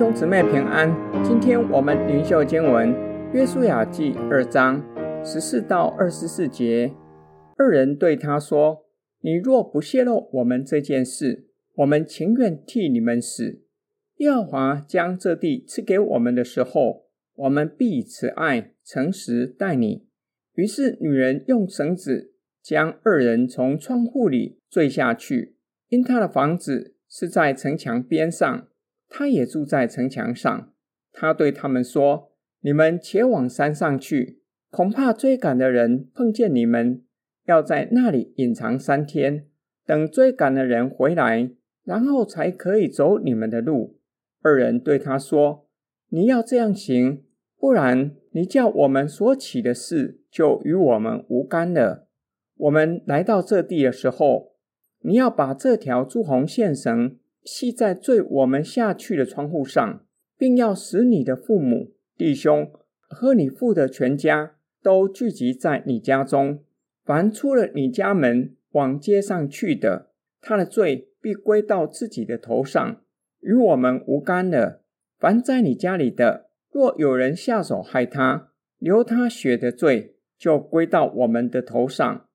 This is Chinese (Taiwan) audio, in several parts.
兄姊妹平安。今天我們靈修經文《約書亞記》二章十四到二十四節。二人對他說：“你若不泄露我們這件事，我們情願替你們死。”耶和華將這地賜給我們的時候，我們必以慈愛、誠實待你。於是女人用繩子將二人從窗戶裡縋下去，因她的房子是在城牆邊上。他也住在城牆上。他對他們說：“你們且往山上去，恐怕追趕的人碰見你們，要在那裡隱藏三天，等追趕的人回來，然後才可以走你們的路。”二人對他說：“你要這樣行，不然你叫我們所起的誓就與我們無干了。我們來到這地的時候，你要把這條朱紅線繩。”繫在縋我們下去的窗戶上，並要使你的父母、弟兄和你父的全家都聚集在你家中。凡出了你家門往街上去的，他的罪必歸到自己的頭上，與我們無干了。凡在你家裡的，若有人下手害他，流他血的罪就歸到我們的頭上。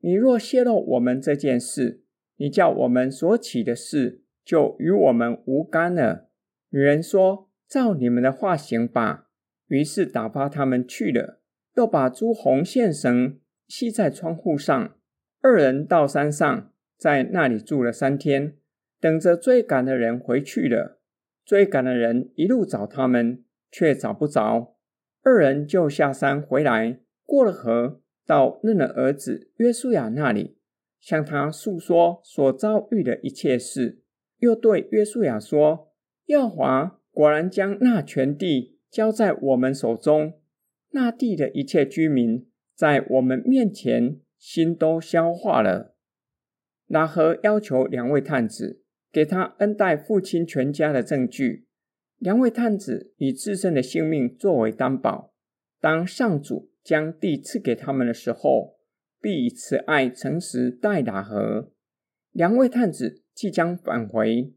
你若泄露我們這件事，你叫我們所起的誓。就與我們無干了。女人說：“照你們的話行吧。”於是打發他們去了。又把朱紅線繩繫在窗戶上。二人到山上，在那裡住了三天，等着追趕的人回去了。追趕的人一路找他們，卻找不着。二人就下山回來，過了河，到嫩的兒子約書亞那裡，向他述說所遭遇的一切事。又對約書亞說：“耶和華果然將那全地交在我們手中，那地的一切居民在我們面前心都消化了。”喇合要求兩位探子，給他恩待父親全家的證據，兩位探子以自身的性命作為擔保。當上主將地賜給他們的時候，必以慈愛誠實待喇合。兩位探子。即將返回，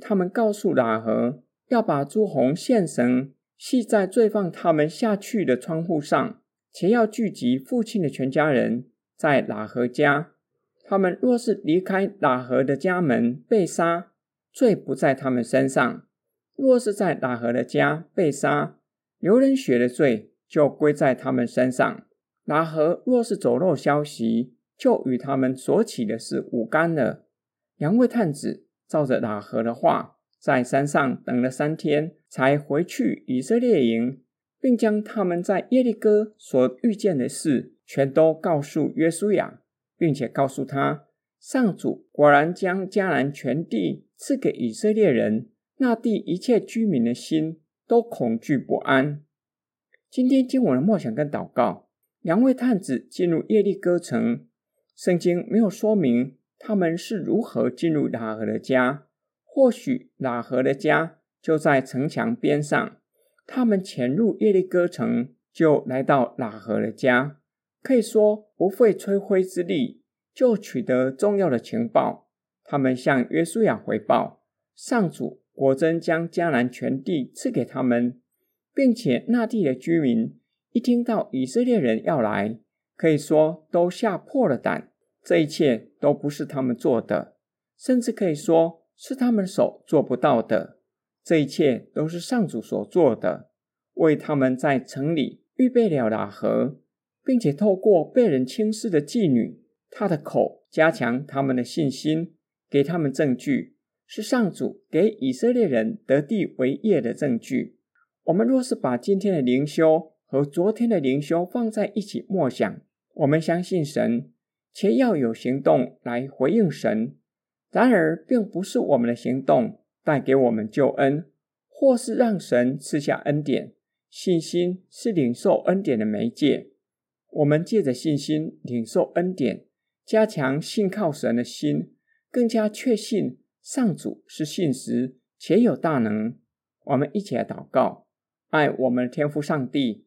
他們告訴喇合，要把朱紅線繩繫在縋放他們下去的窗戶上，且要聚集父親的全家人在喇合家。他們若是離開喇合的家門被殺，罪不在他們身上；若是在喇合的家被殺，流人血的罪就歸在他們身上。喇合若是走漏消息，就與他們所起的誓無干了。兩位探子照着喇合的話，在山上等了三天，才回去以色列營，並將他們在耶利哥所遇見的事，全都告訴約書亞，並且告訴他，上主果然將迦南全地賜給以色列人，那地一切居民的心都恐懼不安。今天經文的默想跟禱告，兩位探子進入耶利哥城，聖經沒有說明。他們是如何進入喇合的家。或許喇合的家就在城牆邊上。他們潛入耶利哥城，就來到喇合的家，可以說不費吹灰之力就取得重要的情報。他們向約書亞回報：上主果真將迦南全地賜給他們，並且那地的居民一聽到以色列人要來，可以說都嚇破了膽。這一切都不是他們做的，甚至可以說是他們手做不到的。這一切都是上主所做的，為他們在城裡預備了喇合，並且透過被人輕視的妓女，她的口加強他們的信心，給他們證據，是上主給以色列人得地為業的證據。我們若是把今天的靈修和昨天的靈修放在一起默想，我們相信神。且要有行動來回應神。然而，並不是我們的行動帶給我們救恩，或是讓神賜下恩典。信心是領受恩典的媒介。我們借着信心領受恩典，加強信靠神的心，更加確信上主是信實且有大能。我們一起來禱告：愛我們的天父上帝，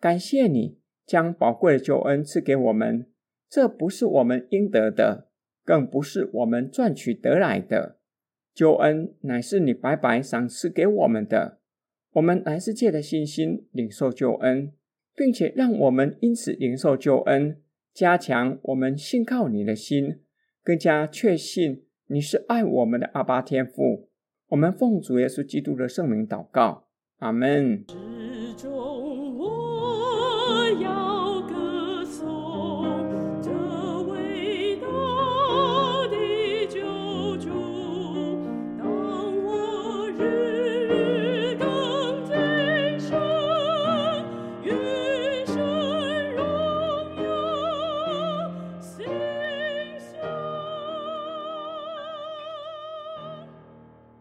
感謝你將寶貴的救恩賜給我們。這不是我們應得的，更不是我們賺取得來的。救恩乃是你白白賞賜給我們的。我們乃是藉著信心領受救恩，並且讓我們因此領受救恩，加強我們信靠你的心，更加確信你是愛我們的阿爸天父。我們奉主耶穌基督的聖名禱告，阿門。